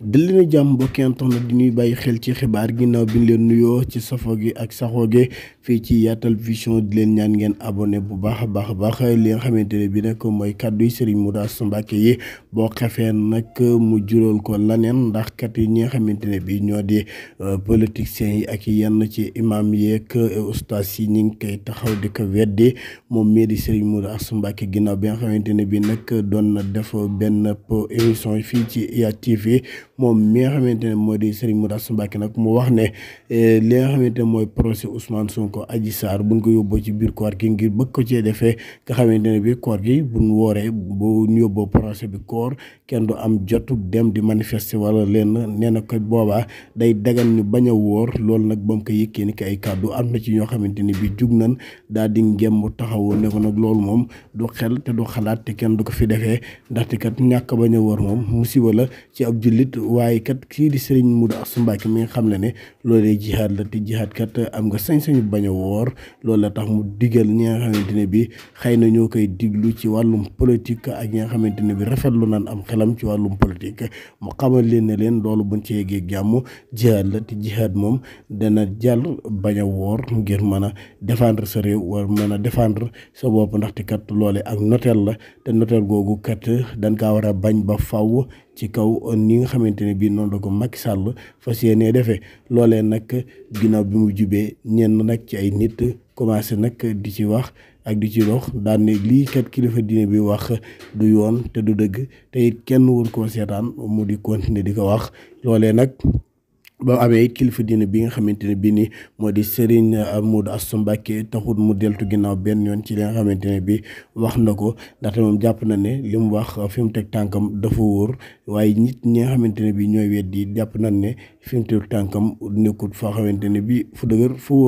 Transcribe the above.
dalena jàmm mbokki internet di ñuy bàyyi xel ci xibaar ginnaaw bi leen nuyoo ci safo gi ak saxoo gi fii ci Yatal Vision di leen ñaan ngeen abone bu baax a baax a baax li nga xamante ne bi nekk mooy kàddu yi Serigne Moustapha yi boo xefee nag mu jural ko laneen ndax kat yi ñi nga xamante ne bi ñoo di euh, politiciens yi ak yenn ci imam yeeg euh, ustaas yi ñi ngi koy taxaw di ko weddi moom mii di Serigne Moustapha Mbacké ginnaaw bi nga xamante ne bi nag doon na defoo benn émission fii ci IYAT TV moom mi nga xamante ne moo di Serigne Mountakha Mbacké nag mu wax ne eh, li nga xamante mooy mooy procès Ousmane Sonko Adji saar buñ ko yóbboo ci biir koor gi ngir bëgg ko cee defee nga xamante ne biir koor gi buñ wooree bu yóbboo procès bi koor kenn du am jotu dem di manifester wala lenn nee boobaa day dagan ñu bañ a wóor loolu nag ba mu ko yëkkee ni kàddu am na ci ñoo xamante ni bi jug nañ daal di ngémm taxawoo ne ko nag loolu moom du xel te du xalaat te kenn du ko fi defee ndaxte kat ñàkk bañ a woor moom musiba la ci ab jullit waaye kat kii di Serigne Modou su Mbacké mi nga xam ne ne loolee jihaad la te jihaad kat am nga sañ-sañu bañ a woor loolu la tax mu digal ñi bi xëy na ñoo koy diglu ci wàllum politique ak ñi nga xamante ne rafetlu naan am xelam ci wàllum politique mu xamal leen ne leen loolu buñ ci yeggee jàmm jihaad la te jihaad moom dana jàll bañ woor ngir mën a défendre sa réew war mën a défendre sa bopp ndaxte kat loole ak noteel la te noteel googu kat dañ kaa war a bañ ba faw ci kaw ni nga xamante ne bii noonu la ko mag Sall fa yéenee defee loolee nag ginnaaw bi mu jubee ñenn nag ci ay nit commencé nag di ci wax ak di ci dox daan ne lii kat kilifa diine bi wax du yoon te du dëgg te it kenn wul koo seetaan mu di continuer di ko wax loolee nag. ba amee kilifa diine bi nga xamante ne bii nii moo di Serigne Modou Asta Mbacké taxul mu deltu ginnaaw benn yoon ci li nga xamante ne bii wax na ko ndaxte moom jàpp na ne li mu wax fi mu teg tànkam dafa wóor waaye nit ñi nga xamante ne bii ñooy weddi jàpp nañ ne fi mu tànkam nekkul foo xamante ne fu dëgër fu wóor